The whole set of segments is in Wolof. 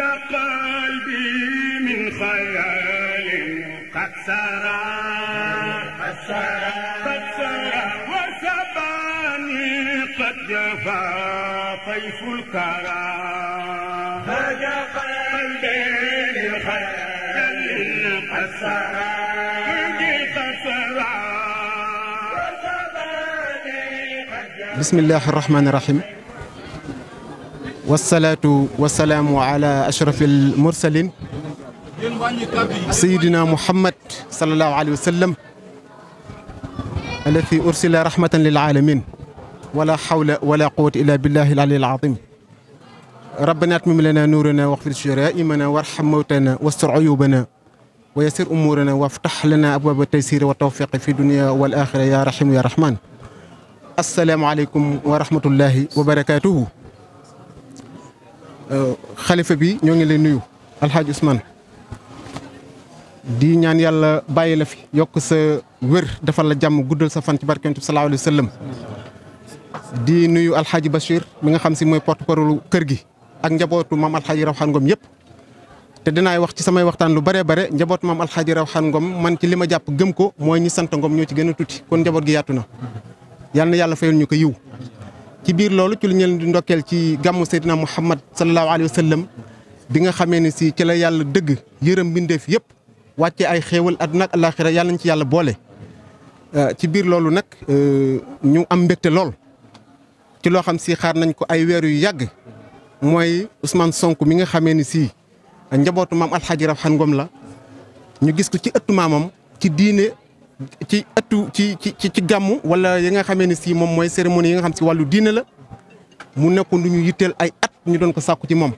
ارتجى قلبي من خيال قد سرى قد سرى قد سرى وسباني قد جفا طيف الكرى هجى قلبي من خيال قد سرى بسم الله الرحمن الرحيم wasalaatu wasalaamu ala ashrafil mursalin sayidina muhammad salallahu alayhi wa sallam allati ursila rahmatan lil alamin wala hawla wala quwwata illa billahi al aliyyil azim rabbana atmim lana nuurana waxfir jara'imana warham mawtana wastur uyubana wa yassir umurana waftah lana abwaaba taysir wa tawfiq fi dunya wal axira ya rahim ya rahman assalaamu aleykum wa rahmatullahi wa barakatuhu Euh, xalifa bi ñoo ngi lay nuyu alxaaji Ousmane di ñaan yàlla bàyyi la fi yokk sa wér defal la jàmm guddal sa fan ci barkentu salaahu di nuyu alxaaji Bachir mi nga xam si mooy porte parole kër gi ak njabootu maam alxaaji Rawxaan Ngom yëpp te dinaay wax ci samay waxtaan lu bëree bare njabootu maam alxaaji Rawxaan Ngom man ci li ma jàpp gëm ko mooy ñi sant ngoom ñoo ci gën a tuuti kon njaboot gi yaatu na yàlla na yàlla fayal ñu ko yiw ci biir loolu ci lu ñu leen di ndokkeel ci gàmmu Seydina Muhammad sallallahu alayhi wa sallam bi nga xamee ne si ci la yàlla dëgg yërëm mbindeef yëpp wàcce ay xéewal àdduna ak àllaaxira yàlla nañ ci yàlla boole. Euh, ci biir loolu nag euh, ñu am mbégte lool ci loo xam si xaar nañ ko ay weer yu yàgg mooy usmaan sonk mi nga xamee ni si njabootu maam Alxaaji Rawaan Ngom la ñu gis ko ci ëttu maamam ci diine. ci ëttu ci ci ci gàmmu wala yi nga xamee ne si moom mooy cérémonie yi nga xam si wàllu diine la mu nekkoon lu ñu yitteel ay at ñu doon ko sàkku ci moom.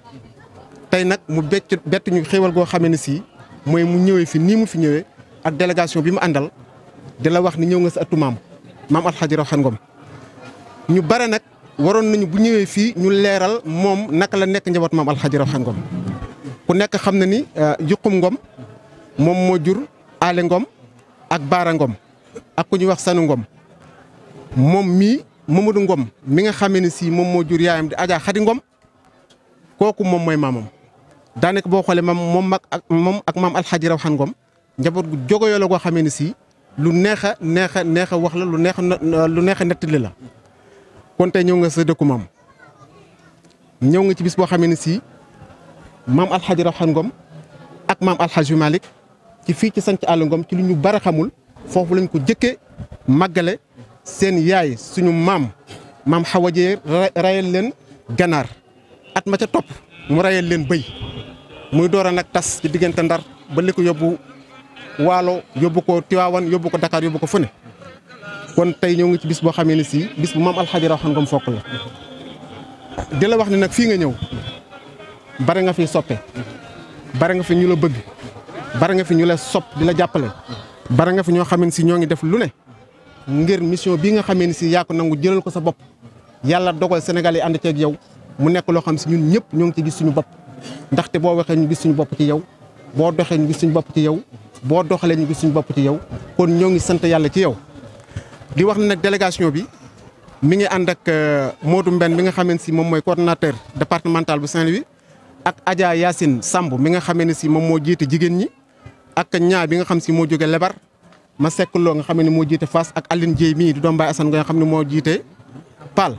tey nag mu becc bett ñu xéewal goo xamee ne si mooy mu ñëwee fii nii mu fi ñëwee ak délégation bi mu àndal di la wax ni ñëw nga sa ëttu maam maam Alxaaji Rawaan Ngom ñu bare nag waroon nañu bu ñëwee fii ñu leeral moom naka la nekk njaboot maam Alxaaji Rawaan Ngom ku nekk xam na ni euh, Yuqum ngoom moom moo jur Aale Ngom. ak Baara Ngom ak ku ñuy wax Sanu ngoom moom mii Mamadou ngoom mi nga xamee ne si moom moo jur yaayam di ajaa Xadi ngoom kooku moom mooy maamam. daanaka boo xoolee moom moom mag ak moom ak maam Alxaaji Rawxan Ngom njaboot gu jogoyoo la goo xamee ne si lu neex a neex neex wax la lu neex a lu neex a la kon tey ñëw nga sa dëkku maam ñëw nga ci bis boo xamee ne si maam Alxaaji Rawxan Ngom ak maam Alxaaji Malick ci fii ci sant Alla Ngom ci lu ñu bare xamul foofu lañ ko jëkkee màggale seen yaay suñu maam maam xaw ajee rayal leen ganaar at ma ca topp mu rayal leen bëy muy door a nag tas ci diggante ndar ba li ko yóbbu waalo yóbbu ko Tiwaawan yóbbu ko Dakar yóbbu ko fu ne kon tey ñoo ngi ci bis boo xamee ne si bis bu maam alxaji Rawane Ngom la di la wax ne nag fii nga ñëw bare nga fi soppe bare nga fi ñu la bëgg bari nga fi ñu la sopp di la jàppale bari nga fi ñoo xamee si ñoo ngi def lu ne ngir mission bii nga xamee ni si yaa ko nangu jëlal ko sa bopp yàlla dogal Sénégal yi ànd ceeg yow mu nekk loo xam si ñun ñëpp ñoo ngi ci gis suñu bopp ndaxte boo waxee ñu gis suñu bopp ci yow boo doxee ñu gis suñu bopp ci yow boo doxalee ñu gis suñu bopp ci yow kon ñoo ngi sant yàlla ci yow di wax ne nag délégation bi mi ngi ànd ak euh, Modou mbenn mi nga xamee ne si moom mooy coordonnateur départemental bu Saint-Louis ak Adja Yacine Samb mi nga xamee ne si moom moo jiite jigéen ñi ak ñaa bi nga xam si moo jóge lebar ma loo nga xam ne moo jiite Fass ak Aline Dieye mii di doom Baye Assane xam ne moo jiite Paal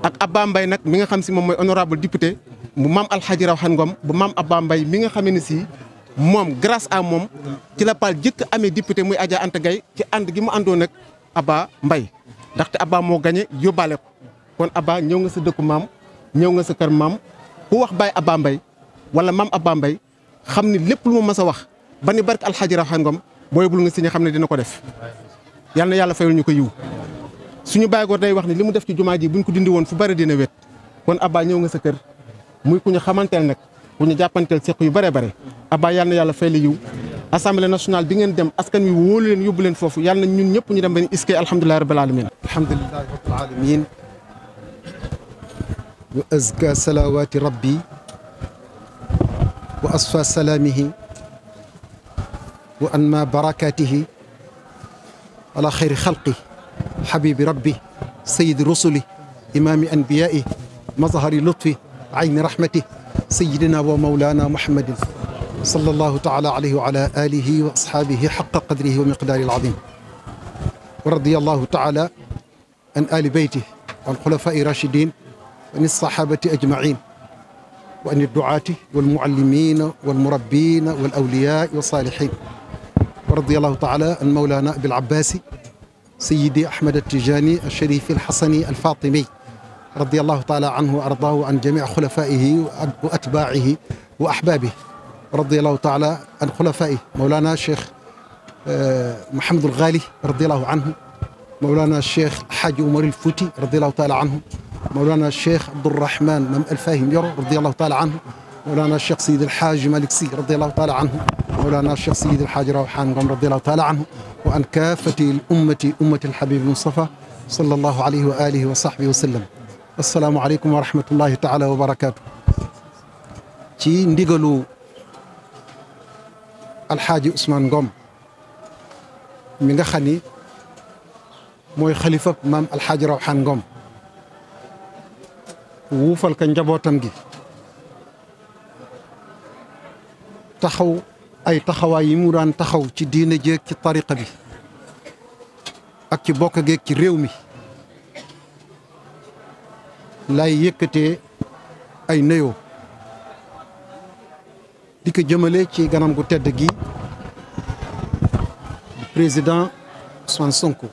ak Abba mbay nag mi nga xam si moom mooy honorable député bu maam Alxaaji Rawane Ngom bu maam Abba mbay mi nga xam ne sii moom grâce à moom ci la Paal jëkk amee député muy Adja ant Gaye ci ànd gi mu àndoon nag Abba mbay ndaxte Abba moo gañe yóbbaale ko kon Abba ñëw nga sa dëkku maam ñëw nga sa kër maam ku wax Baye Abba Mbaye wala maam Abba Mbaye xam ni ma a wax ba ni barke alxaaji Rawane Ngom booy bul nga si nga xam ne dina ko def yal na yàlla fayal ñu ko yiw suñu bàyyi goor day wax ne li mu def ci jumaa ji buñ ko dindi woon fu bari dina wét kon abba ñëw nga sa kër muy ku ñu xamanteel nag ku ñu jàppanteel seq yu bare bare abba yàlla na yàlla fay la yiw assemblée nationale bi ngeen dem askan wi wóolu leen yóbbu leen foofu yal na ñun ñëpp ñu dem ba ni iskay alhamdulilahi rabbil alamin alhamdulilahi rabbil alamin wa azka salawaati rabbi wa asfa salaamihi wa an ma barakaatihi ala xayri xalqi xabibi rabbi sayidi rusuli imaami anbiyaai mazhari lutfi ayni rahmati sayidina wa mawlana muhammadin sallallahu taala alayhi wa ala alihi wa ashaabihi xaqa qadrihi wa miqdaari alazim wa radiyallahu taala an ali beyti wa an xulafaai rachidin wa an alsaxaabati ajmain wa an adduaati walmuallimina walmurabbina walawliyaa wa saalihin رضي الله تعالى عن مولانا أبي العباسي سيدي أحمد التجاني الشريف الحسني الفاطمي رضي الله تعالى عنه وأرضاه وعن جميع خلفائه وأتباعه وأحبابه رضي الله تعالى عن خلفائه مولانا الشيخ محمد الغالي رضي الله عنه مولانا الشيخ حاج عمر الفوتي رضي الله تعالى عنه مولانا الشيخ عبد الرحمن مم الفاهم يرو رضي الله تعالى عنه مولانا الشيخ سيد الحاج مالك سي رضي الله تعالى عنه مولانا الشيخ سيد الحاج روحان قم رضي الله تعالى عنه وأن كافة الأمة أمة الحبيب المصطفى صلى الله عليه وآله وصحبه وسلم السلام عليكم ورحمة الله تعالى وبركاته ci ndigalu alxaaji Ousmane Ngom mi nga xam ni mooy xalifab maam alxaaji Rawxaan Ngom wuufal ka njabootam gi taxaw ay taxawaay yi mu daan taxaw ci diine jéeg ci tariqa bi ak ci bokk geeg ci réew mi lay yëkkatee ay nuyoo di ko jëmale ci ganam gu tedd gi président Ousmane Sonko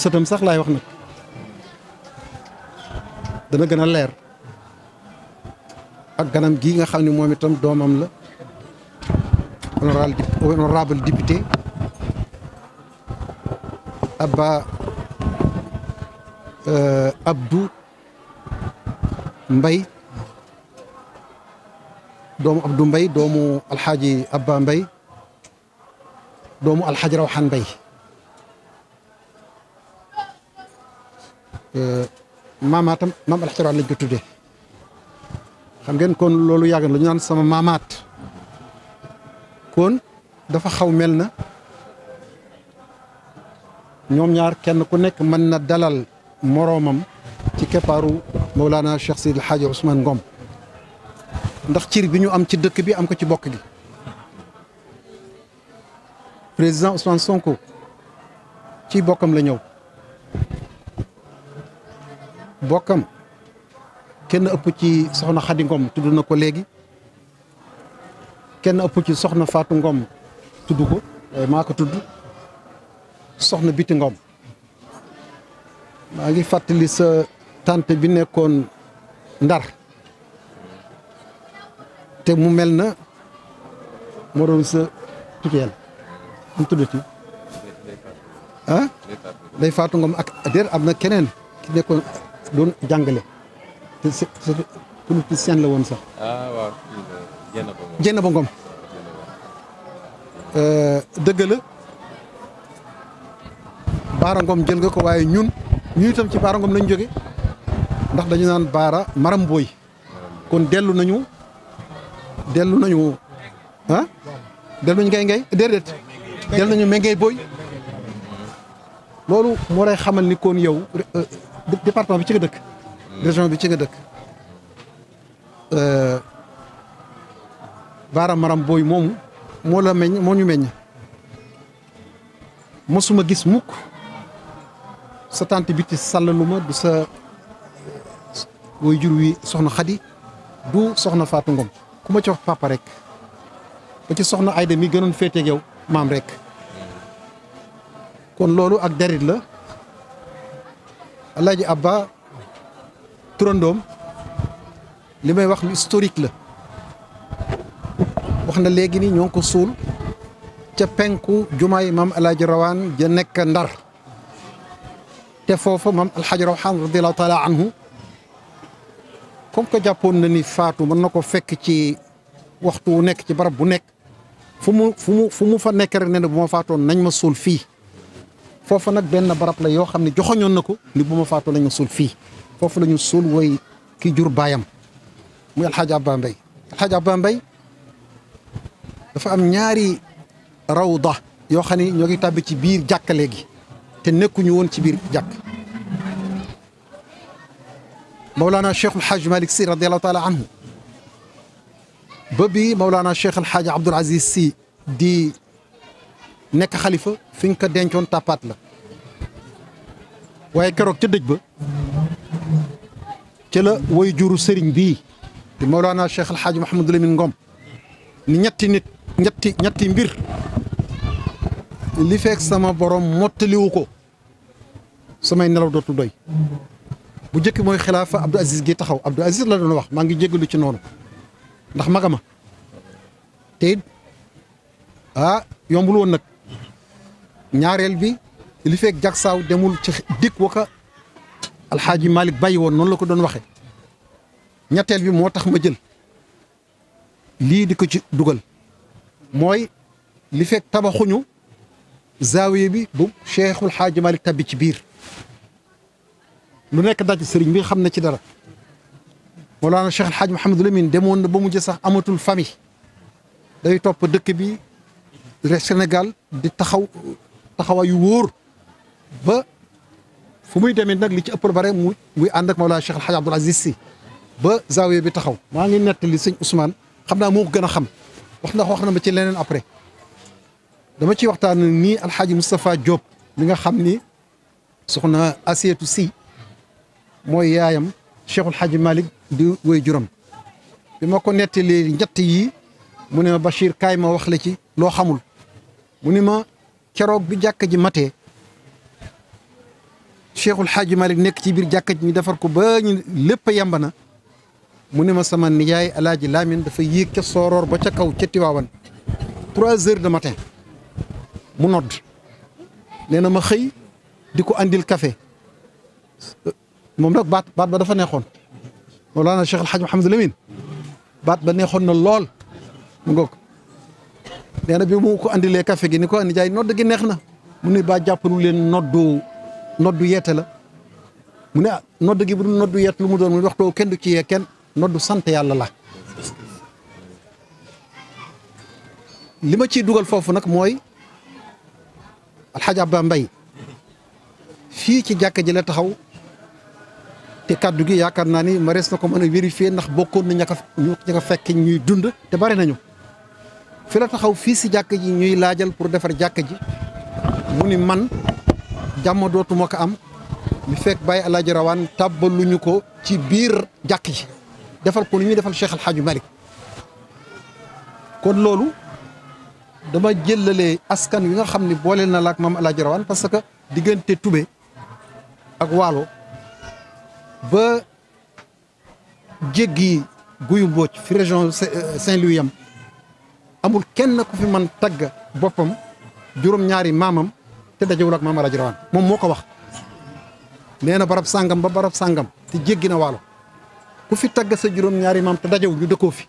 sëtam sax laay wax nag dana gën a leer ak ganam gii nga xam ne moom itam doomam la honorable honorable député Abba euh, Abdou mbay doomu Abdou mbay doomu alxaaji Abba Mbaye doomu alxaaji Rawxaan Mbaye euh, maamaatam maam alxaaji Rawxaan lañ ko tuddee xam ngeen kon loolu yàgg na lu sama maamaat kon dafa xaw mel na ñoom ñaar kenn ku nekk mën na dalal moroomam ci keppaaru Mawlana Cheikh Seydi El Hadji Ousmane Ngom ndax cir bi ñu am ci dëkk bi am ko ci bokk gi président Ousmane Sonko ci bokkam la ñëw bokkam kenn ëpp ci soxna Xadi Ngom tudd na ko léegi kenn ëpp ci soxna Faatu Ngom tudd ko eh, maa ko tudd soxna Biti Ngom maa ngi fàttali sa tànt bi nekkoon Ndar te mu mel na moo doon sa tuteel mu tuddati ah day Faatu Ngom ak déer am na keneen ki nekkoon doon jàngale te la woon sax. ah euh, la Baara Ngom jël nga ko waaye ñun ñu itam ci Baara Ngom lañ jóge ndax dañu naan Baara Maram Boy kon dellu nañu dellu nañu ah dellu nañu ngay ngay déedéet dellu nañu mengey boy loolu moo lay xamal ni kon yow euh, département bi ci nga dëkk. région bi ci nga dëkk baara euh, maram booy moomu moo la meññ moo ñu meññ mosuma gis mukk sa tante bi ci sàllalu ma du sa woy jur wi soxna xadi du soxna faatu ngoom ku ma ci wax papa rek ba ci soxna Ayda mi gënoon féeteeg yow maam rek kon loolu ak derit la Alaaji Abba turandoom li may wax lu historique la wax na léegi ni ñoo ko suul ca penku jumaay maam alaaji rawaan ja nekk ndar te foofa maam alxaaji rawaan radiallahu taala anhu comme que jàppoon na ni faatu mën na ko fekk ci waxtu wu nekk ci barab bu nekk fu mu fu mu mu fa nekk rek ne ne bu ma faatoon nañ ma suul fii foofa nag benn barab la yoo xam ne joxoñoon na ko ni bu ma faatoon nañ ma suul fii foofu la ñu suul woy ki jur baayam muy alxaaji Abba alxaaji Abba dafa am ñaari rawda yoo xam ne ñoo ngi tàbbi ci biir jàkka léegi te nekkuñu woon ci biir jàkk Mawlana Cheikh El Hadj Malick Sy radiyallahu taala anhu ba bi Mawlana Cheikh El Hadj si di nekk xalifa fi ñu ko dencoon tàppaat la waaye keroog ca dëj ba ca la way juru sëriñ bii di Mawlana Cheikh El Hadj Mouhamadou Lamine Ngom ni ñetti nit ñetti ñetti mbir li fekk sama borom mottaliwu ko samay nelaw dootul doy bu njëkk mooy xilaafa Abdou Aziz gi taxaw Abdou Aziz la doon wax maa ngi jégalu ci noonu ndax magama te ah yombul woon nag ñaareel bi li fekk jagsaaw demul ci dikk waka alxaaji Malick bàyyi woon noonu la ko doon waxee ñetteel bi moo tax ma jël lii di ko ci dugal mooy li fekk tabaxuñu zaawiye bi bu cheikhul xaaji Malick tabbi ci biir lu nekk daj sëriñ bi xam na ci dara Mawlaana Cheikh Alxaaji Mouhamadou Lamine demoon na ba mujj sax amatul fami day topp dëkk bi Sénégal di taxaw taxawaay yu wóor ba fu muy demee nag li ci ëpp bare mu muy ànd ak Mawlana Cheikh El Hadj Abdoul Aziz ba zawiya bi taxaw maa ngi nettali sëñ Ousmane xam naa moo ko gën a xam wax ndax wax na ma ci leneen après dama ciy waxtaan nii Al Hadj Moustapha Diop mi nga xam ni soxna Asietu si mooy yaayam Cheikhul Hadj Malick di woy juróom bi ma ko nettalee ñett yi mu ne ma Bachir kaay ma wax la ci loo xamul mu ni ma keroog bi jàkk ji mate Cheikhul Xaaji Malik nekk ci biir jàkka ji ñu defar ko ba ñu lépp a yemb na mu ne ma sama nijaay alaaji Lamine dafa yéeg ca sooroor ba ca kaw ca Tiwaawan trois heures de matin mu nodd nee na ma xëy di ko andil kafe moom nag baat baat ba dafa neexoon Mawlaana Cheikh Alxaaji Mahamadou Lamine baat ba neexoon na lool mu ngoog nee na bi mu ko andilee café gi ni ko nijaay nodd gi neex na mu ne baa jàppalu leen noddu noddu yeete la mu ne ah noddu gi bu dul noddu yeet lu mu doon mu waxtoo kenn du ci yee kenn noddu sant yàlla la li ma ciy dugal foofu nag mooy alxaj ba Mbay fii ci jàkka ji la taxaw te kàddu gi yaakaar naa ni ma res na ko mën a vérifier ndax bokkoon na ña ko fekk ñuy dund te bari nañu fi la taxaw fii si jàkk ji ñuy laajal pour defar jàkk ji mu ni man jàmm dootuma ko am mi fekk Baye El Hadj Rawane tàbbaluñu ko ci biir jàkk ji defal ko lu ñuy defal Cheikh El Hadj Malick kon loolu dama jëllalee askan wi nga xam ne booleel na la ak maam El Hadj parce que diggante Toubé ak Waalo ba jéggi guyu Mbodj fi région Saint-Louis am amul kenn ku fi man tagg boppam juróom-ñaari maamam. te dajewul ak maam El Hadj Rawane moom moo ko wax nee na barab sàngam ba barab sàngam te jéggi na waalo ku fi tagg sa juróom-ñaari maam te dajewul ñu dëkkoo fi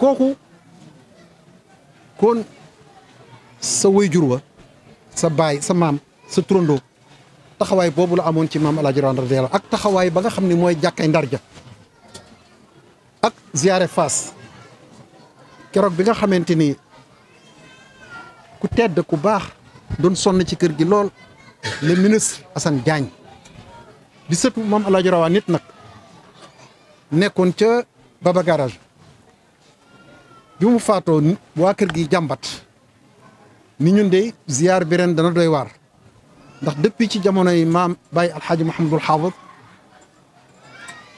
kooku kon sa waajur sa baay sa maam sa turandoo taxawaay boobu la amoon ci maam El Hadj ak taxawaay ba nga xam ni mooy jàkkay ndar ja ak ziyaare Faas keroog bi nga xamante ni. ku tedd ku baax doon sonn ci kër gi lool le ministre Assane jaañ di sëtu moom El Hadj nit nag nekkoon ca Baba Garage bi mu faatoo waa kër gi jàmbat ni ñun de ziar bi ren dana doy waar ndax depuis ci jamono yi maam Baye Alxaaji Mouhamadul Xaafid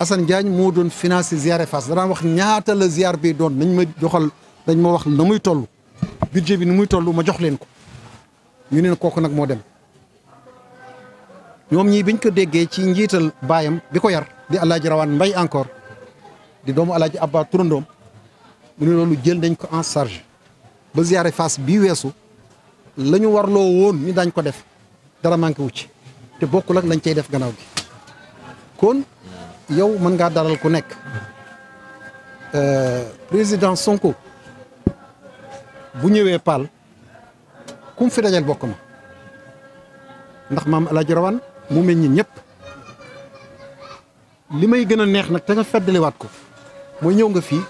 Assane Diagne moo doon financé ziare Fass danaa wax ñaata la ziar bi doon nañ ma joxal dañ ma wax na muy toll budget bi ni muy toll ma jox leen ko ñu ne kooku nag moo dem ñoom ñii biñ ko déggee ci njiital baayam bi ko yar di alaaji rawaan mbay encore di doomu alaaji abba turandoom mu ne loolu jël nañ ko en sarge ba ziyaare Fass bi weesu la ñu warloo woon ni daañ ko def dara manqué wu ci te bokkul ak lañ cay def gannaaw bi kon yow mën ngaa dalal ku nekk euh, président Sonko bu ñëwee paal kum fi dajal bokk ma ndax maam El Hadj Rawane mu meññi ñëpp li may gën a neex nag te nga feddaliwaat ko mooy ñëw nga fii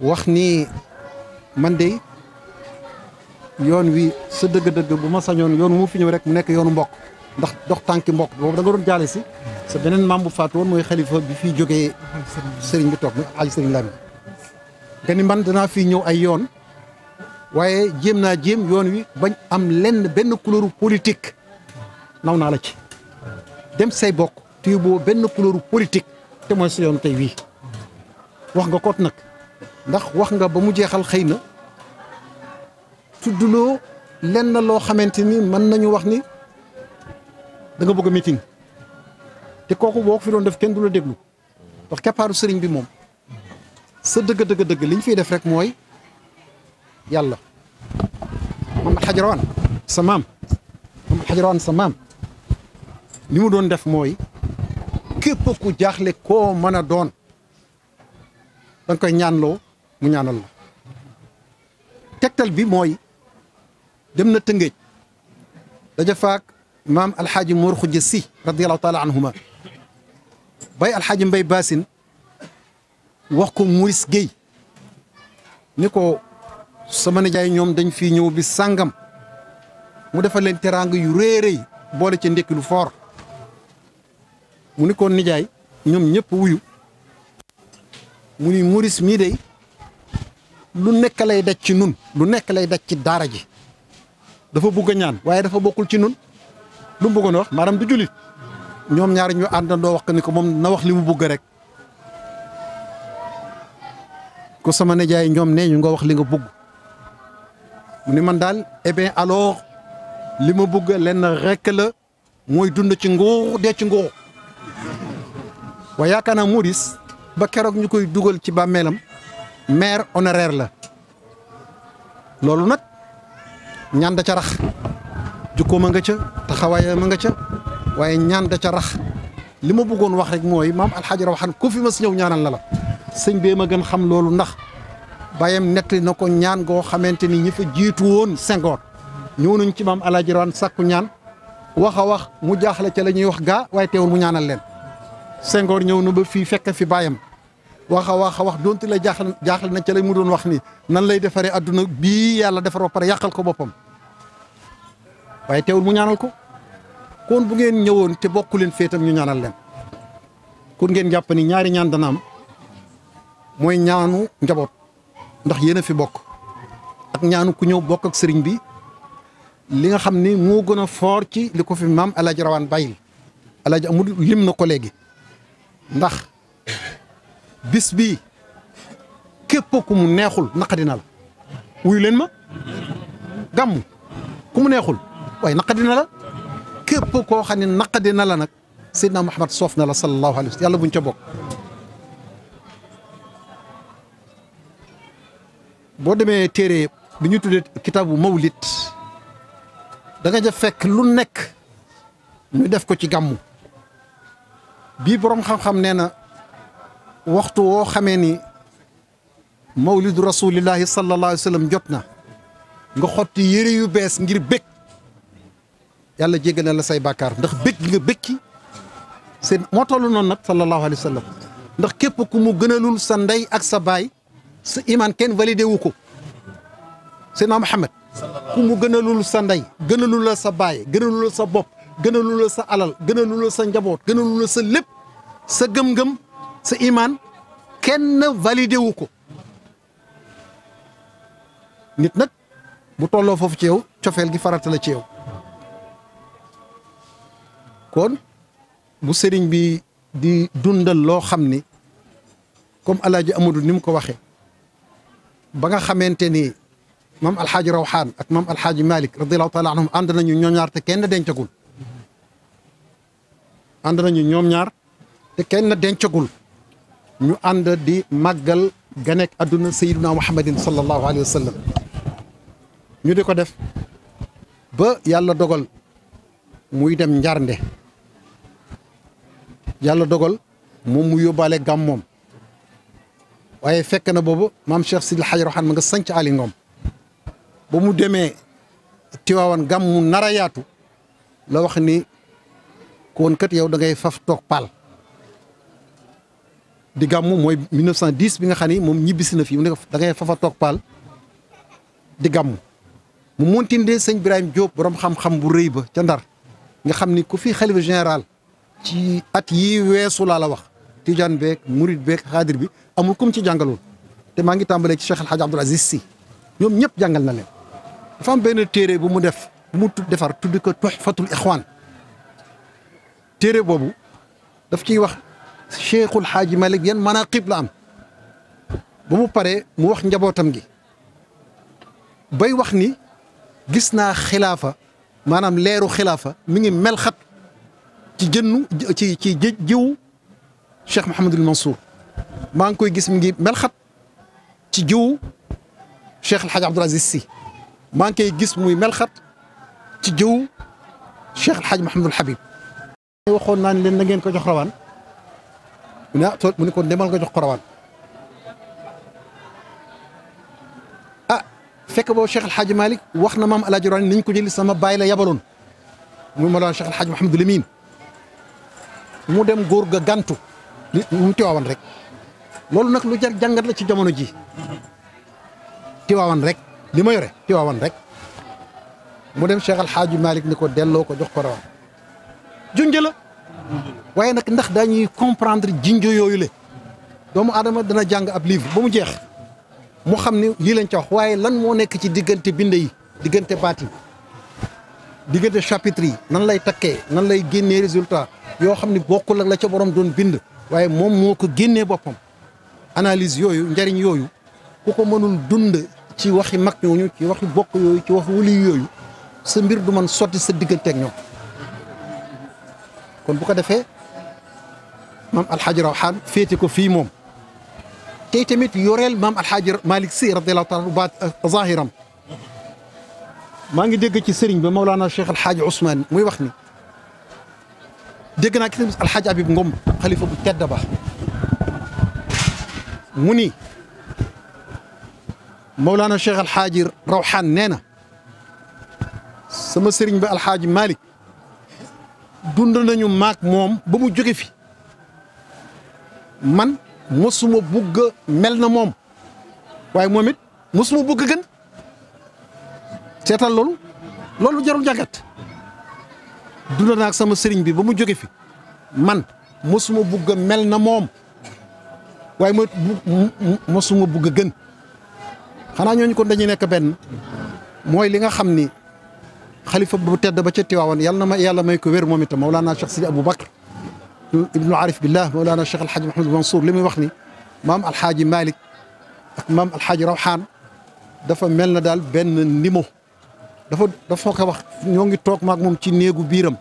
wax ni man de yoon wi sa dëgg-dëgg bu ma sañoon yoon mu fi ñëw rek mu nekk yoonu mbokk ndax dox tànki mbokk boobu da nga doon jaale si sa beneen maam bu faatu woon mooy xalifa bi fi jógee sëriñ bi toog mi Aji Sëriñ Lamin nga ni man danaa fii ñëw ay yoon waaye jéem naa jéem yoon wi bañ am lenn benn couleur politique naw naa la ci dem say bokk tuy benn couleur politik te mooy sa yoon tey wii wax nga kot nag ndax wax nga ba mu jeexal xëy na tuddloo lenn loo xamante ni mën nañu wax ni danga nga bëgg a te kooku boo ko fi doon def kenn du la déglu wax keppaaru sëriñ bi moom sa dëgg dëgg dëgg li ñu fiy def rek mooy yàlla Mamadou Xajarawaan sa maam Mamadou Xajarawaan sa maam li mu doon def mooy képp ku jaaxle koo mën a doon danga koy ñaanloo mu ñaanal la tegtal bi mooy dem na tëngéej daja faak maam alxaaji Mor Xuja si radiallahu taala anhuma bay alxaaji Mbay Baasin wax ko Maurice Guèye ni ko sama nijaay ñoom dañ fi ñëw bi sàngam mu defal leen teraanga yu rëy rëy boole ca ndekki lu foor mu ni ko nijaay ñoom ñëpp wuyu mu ni Maurice mii de lu nekk lay daj ci nun lu nekk lay daj ci daara ji dafa bugg a ñaan waaye dafa bokkul ci nun lu mu bëggoon wax maanaam du jullit ñoom ñaari ñu doo wax ni ko moom na wax li mu bugg rek ku sama nejaay ñoom ne ñu nga wax li nga bugg mu ni man daal eh bien li ma bëgg lenn rekk la mooy dund ci nguur dee ci nguur waaye yaakaar naa Maurice ba keroog ñu koy dugal ci bàmmeelam maire honoraire la loolu nag ñaan da ca rax jukkoo ma nga ca taxawaay ma nga ca waaye ñaan da ca rax li ma bëggoon wax rek mooy maam alxaaji rawaxaan ku fi mas ñëw ñaanal la la sëñ bee ma gën xam loolu ndax bayam nett na ko ñaan goo xamante ni ñi fa jiitu woon Senghor ñëw nañ ci maam Alaaji Rawaan sàkku ñaan wax a wax mu jaaxle ca la ñuy wax gaa waaye teewul mu ñaanal leen Senghor ñëw na ba fii fekk fi baayam wax a wax a la jaaxle jaaxle na ca la mu doon wax ni nan lay defaree àdduna bii yàlla defar ba pare yàqal ko boppam waaye teewul mu ñaanal ko kon bu ngeen ñëwoon te bokku leen féetam ñu ñaanal leen kon ngeen jàpp ni ñaari ñaan mooy ñaanu njaboot ndax yéen a fi bokk ak ñaanu ku ñëw bokk ak sëriñ bi li nga xam ni moo gën a foor ci li ko fi maam El Hadj Rawane bàyyil El lim na ko léegi ndax bis bi képp ku mu neexul naqadi na la wuyu leen ma gàmm ku mu neexul waaye naqadi na la képp koo xam ne naqadi na la nag Seydina Muhammad soof na la sallallahu alayhi wa yàlla buñ ca bokk. boo demee téere bi ñu tuddee kitaabu mawlit da nga ja fekk lu nekk ñu def ko ci gàmmu bii boroom xam-xam nee na waxtu woo xamee ni mawlidu rasulillahi sallallahu alayhi wa sallam jot na nga xotti yére yu bees ngir bég yàlla jéggal na la say bàkkaar ndax bëgg nga bëkki seen moo toll noonu nag sallallahu alayhi wa ndax képp ku mu gënalul sa ndey ak sa baay sa imaan kenn validé wu ko Seydina Muhammad ku mu gënalul sa ndey gënalul sa baay gënalul sa bopp gënalul la sa alal gënalul la sa njaboot gënalul la sa lépp sa gëm-gëm sa imaan kenn validé wu ko nit nag bu tolloo foofu ci yow cofeel gi farata la ci yow kon bu sëriñ bi di dundal loo xam ni comme alaaji Amadou ni mu ko waxee ba nga xamante ni moom alxaaji rawxaan ak moom alxaaji malik radiallahu taala anhum ànd nañu ñoom ñaar te kenn dencagul ànd nañu ñoom ñaar te kenn dencagul ñu ànd di màggal ganek àdduna sayyiduna muhammadin sallallahu alayhi wa sallam ñu di ko def ba yàlla dogal muy dem njarnde yàlla dogal moom mu yóbbaale gàmmoom waaye fekk na boobu maam Cheikh Sidi El Hadj Roxaan ma nga sanc Ali Ngom ba mu demee Tiwaawan gàmm narayaatu la wax ni kon kat yow da ngay faf toog paal di gàmm mooy 1910 bi nga xam ni moom ñibbisi na fi mu ne da ngay fafa toog paal di gàmm mu montindee sëñ Birahim Diop borom xam-xam bu rëy ba ca ndar nga xam ni ku fi xalifa général ci at yi weesu laa la wax tijaan beek murid beeg xaadir bi amul kum ci jàngalul te maa ngi tàmbalee ci Cheikh El Hadj Abdoul Aziz Sy ñoom ñëpp jàngal na leen dafa benn téere bu mu def bu mu defar tudd ko fatul Ixwaan téere boobu daf ciy wax Cheikhul Hadji Malick yan manaqib la am ba mu paree mu wax njabootam gi bay wax ni gis naa xilaafa maanaam leeru xilaafa mi ngi mel xat ci jënnu ci ci jiwu Cheikh Mouhamadul Mansour maa ngi koy gis mu ngi mel xat ci jiwu Cheikh El Hadj Abdoul Aziz Sy maa ngi koy gis muy mel xat ci jiwu Cheikh El Hadj Mouhamadul Habib. waxoon naa ne leen na ngeen ko jox rawaan mu ne ah tool mu ne kon demal nga jox ko rawaan ah fekk boobu Cheikh El Hadj Malick wax na maam El Hadj Rawane ni ñu ko jëli sama baay la yabaloon muy ma la Cheikh El Hadj Mouhamadul Amin mu dem góor ga gantu. li rek loolu nag lu jar jàngat la ci jamono ji Tiwaawan rek li ma yore Tiwaawan rek mu dem Cheikh Al Hadj ni ko delloo ko jox ko rawam junj la waaye nag ndax daañuy comprendre jinjo yooyu le doomu aadama dana jàng ab livre ba mu jeex mu xam ni lii lañ ca wax waaye lan moo nekk ci diggante bind yi diggante baat yi diggante chapitre yi nan lay takkee nan lay génnee résultat yoo xam ni bokkul ak la ca borom doon bind waaye moom moo ko génnee boppam analyse yooyu njariñ yooyu ku ko mënul dund ci waxi mag ñooñu ci waxi bokk yooyu ci wax wali yooyu sa mbir du man sotti sa digganteek ak ñoom kon bu ko defee maam alxaaji rawxaan féete ko fii moom tey tamit yoreel maam alxaaji malik si radiallahu taala baat euh, zahiram maa ngi dégg ci sëriñ ba maolaana cheikh alxaaji ousmane muy wax ni dégg naa ki tamit alxaaji Abib Ngom xalifa bu tedd ba mu ni Mawlana Cheikh alxaaji Rawxaan nee na sama sëriñ ba alxaaji Malick dund nañu maag moom ba mu jóge fi man mosuma bugg mel na moom waaye moom it mosuma bugg gën seetal loolu loolu jarul jàngat dund naa ak sama sëriñ bi ba mu jóge fi man mosuma bugg a mel na moom waaye ma mosuma bugg gën xanaa ñooñu ko dañuy nekk benn mooy li nga xam ni xalifa bu tedd ba ca Tiwaawan yàlla na ma yàlla may ko wér moom itam Mawlana Cheikh Sidi Aboubacar ibnu Arif billah Mawlana Cheikh Alhaji Mahmoud Mansour li muy wax ni maam Alhaji Malick ak maam Alhaji Rawxaan dafa mel na daal benn ndimo dafa dafa ko wax ñoo ngi toog maak moom ci néegu biiram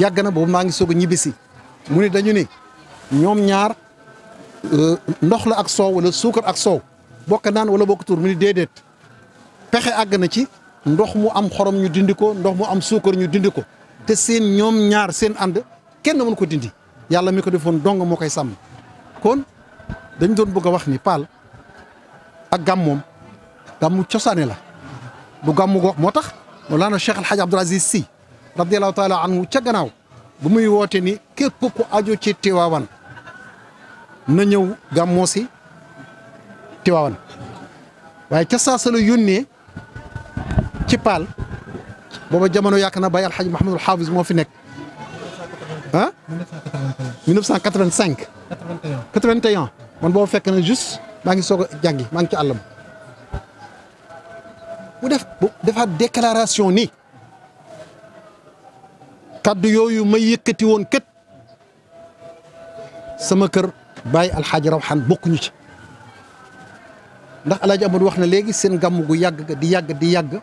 yàgg na boobu maa ngi soog a ñibbisi mu ne dañu ne ñoom ñaar euh, ndox la ak soow wala suukar ak soow bokk naan wala bokk tur mu ne déedéet pexe àgg na ci ndox mu am xorom ñu dindi ko ndox mu am suukar ñu dindi ko te seen ñoom ñaar seen ànd kenn mënu ko dindi yàlla mi ko defoon dong moo koy sàmm kon dañ doon bëgg a wax ni Paal ak gàmmoom gàmmu cosaane la du gàmmu moo tax Mawlana Cheikh El Hadj Abdoul Aziz Sy radiyallahu taala anhu ca gannaaw bu muy wootee ni képp ku aju ci Tiwaawan na ñëw gàmmoo si Tiwaawan waaye ca saasa la ci paal booba jamono yaakaar naa Baye Alhaji Mahamadul Hafiz moo fi nekk ah. 1985 1985. 81 man booba fekk na juste maa ngi soog a jàngi maa ngi ci àllam. bu def bu defaat déclaration ni kàddu yooyu ma yëkkati woon kët sama kër bàyyi alxaaji rawxaan bokkuñu ci ndax alaaji Amadou wax na léegi seen gàmm gu yàgg di yàgg di yàgg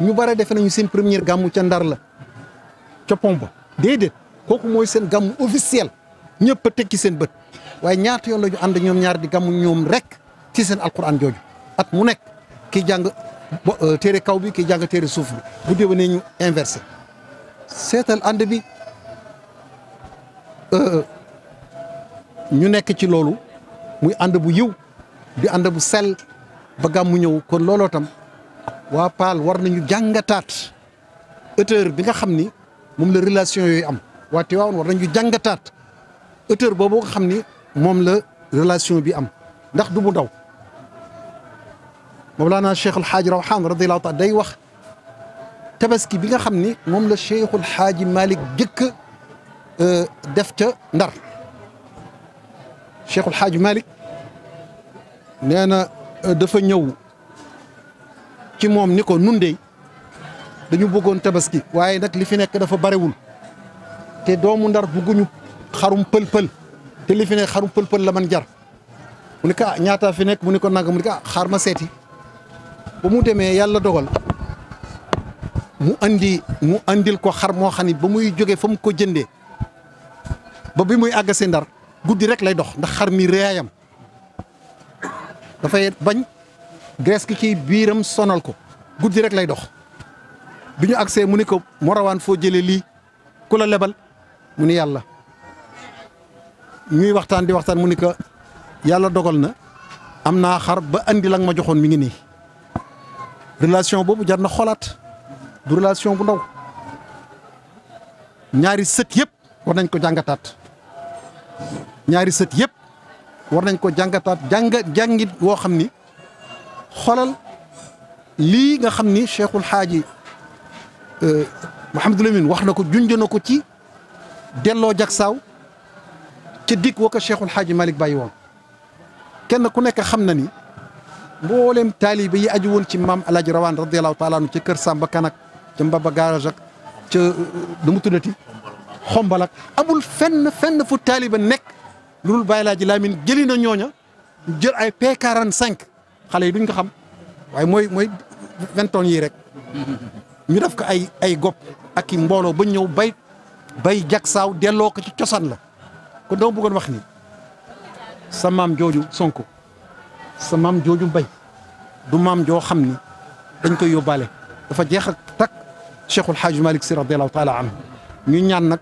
ñu bare defe nañu seen première gàmm ca ndar la ca pomba déedéet kooku mooy seen gàmm officiel ñëpp tekki seen bët waaye ñaata yoon la ñu ànd ñoom ñaar di gàmm ñoom rek ci seen alquran jooju at mu nekk ki jàng bo euh, téere kaw bi ki jàng téere suuf bi bu déwénee ñu inversé seetal ànd bi euh, ñu nekk ci loolu muy ànd bu yiw bi ànd bu sell ba mu ñëw kon looloo tam waa Paal war nañu jàngataat auteur bi nga xam ni moom la relation yooyu am waa Tiwaawan war nañu jàngataat auteur boobu nga xam ni moom la relation bi am ndax du mu daw Mawlana Cheikh El Hadj Rawhan radiyallahu taala day wax tabaski bi nga xam ni moom la Cheikhul xaaj Malick jëkk euh, def ca ndar Cheikhul Hadji malik nee na euh, dafa ñëw ci moom ni ko nun de dañu bëggoon tabaski waaye nag li fi nekk dafa barewul te doomu ndar bugguñu xarum pël-pël te li fi nekk xarum pël-pël la man jar mu ni ko ah ñaataa fi nekk mu ni ko nangam mu ni ko ah, xaar ma seeti ba mu demee yàlla dogal mu indi mu indil ko xar moo xam ni ba muy jóge fa mu ko jënde ba bi muy àgg ndar guddi rek lay dox ndax xar mi réyaayam dafay bañ graisse ki ci biiram sonal ko guddi rek lay dox bi ñu agsee mu ni ko morawaan foo jëlee lii ku la lebal mu ni yàlla ñuy waxtaan di waxtaan mu ni ko yàlla dogal na am naa xar ba andi la ma joxoon mi ngi nii relation boobu jar na xolaat du relation bu ndaw ñaari sët yëpp war nañ ko jàngataat ñaari sët yëpp war nañ ko jàngataat jàng jàngit woo xam ni xolal lii nga xam ni Cheikhul Xaaji euh, Mouhamadou Lamine wax na ko junj na ko ci delloo jagsaaw ca dikk woo ko Cheikhul Xaaji Malick bàyyi woon kenn ku nekk xam na ni. mbooleem taalibe yi aju woon ci maam El Hadj Rawane radiyallahu ca Kër Samba Kanak ca Mbaba Garage ca nu mu tuddati xombal ak amul fenn fenn fu taalibe nekk lu dul Baye Laaji Lamine jëli na ñooña jël ay P45 xale yi duñ ko xam waaye mooy mooy vingt tonnes yii rek ñu def ko ay ay gopp ak i mbooloo ba ñëw bay bay jag saaw delloo ko ci cosaan la kon dama bëggoon wax ni sa maam jooju Sonko. sa maam jooju mbay du maam joo xam ni dañ koy yóbbaale dafa jeex ak takk Cheikhul Xaaj Malik Si radiallahu taala anhu ñu ñaan nag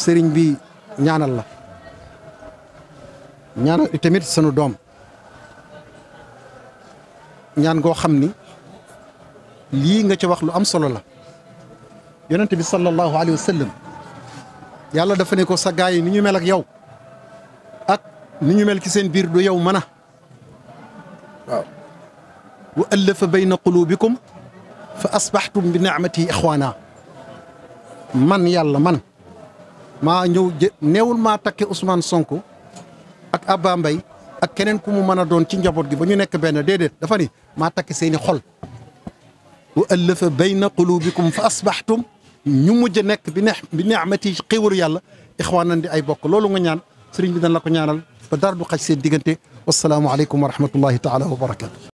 sëriñ bi ñaanal la ñaanal itamit sunu doom ñaan goo xam ni lii nga ca wax lu am solo la yonent bi sallallahu alayhi wa yàlla dafa ne ko sa gaay yi ni ñu mel ak yow ni ñu mel ci seen biir du yow mana a waaw wa allafa bayna qulubikum fa asbaxtum bi niamati ixwaana man yàlla man maa ñëw jë neewul maa takke Ousmane Sonko ak Abba Mbaye ak keneen ku mu mën a doon ci njaboot gi ba ñu nekk benn déedéet dafa ni maa takke seeni xol wa allafa bayna qulubikum fa asbaxtum ñu mujj nekk bi ne bi niamati xéwaru yàlla ixwaanan di ay bokk loolu nga ñaan sëriñ bi dañ la ko ñaanal ba dara du xaj seen diggante wasalaamualeykum wa rahmatullahi taala wa barakaatu.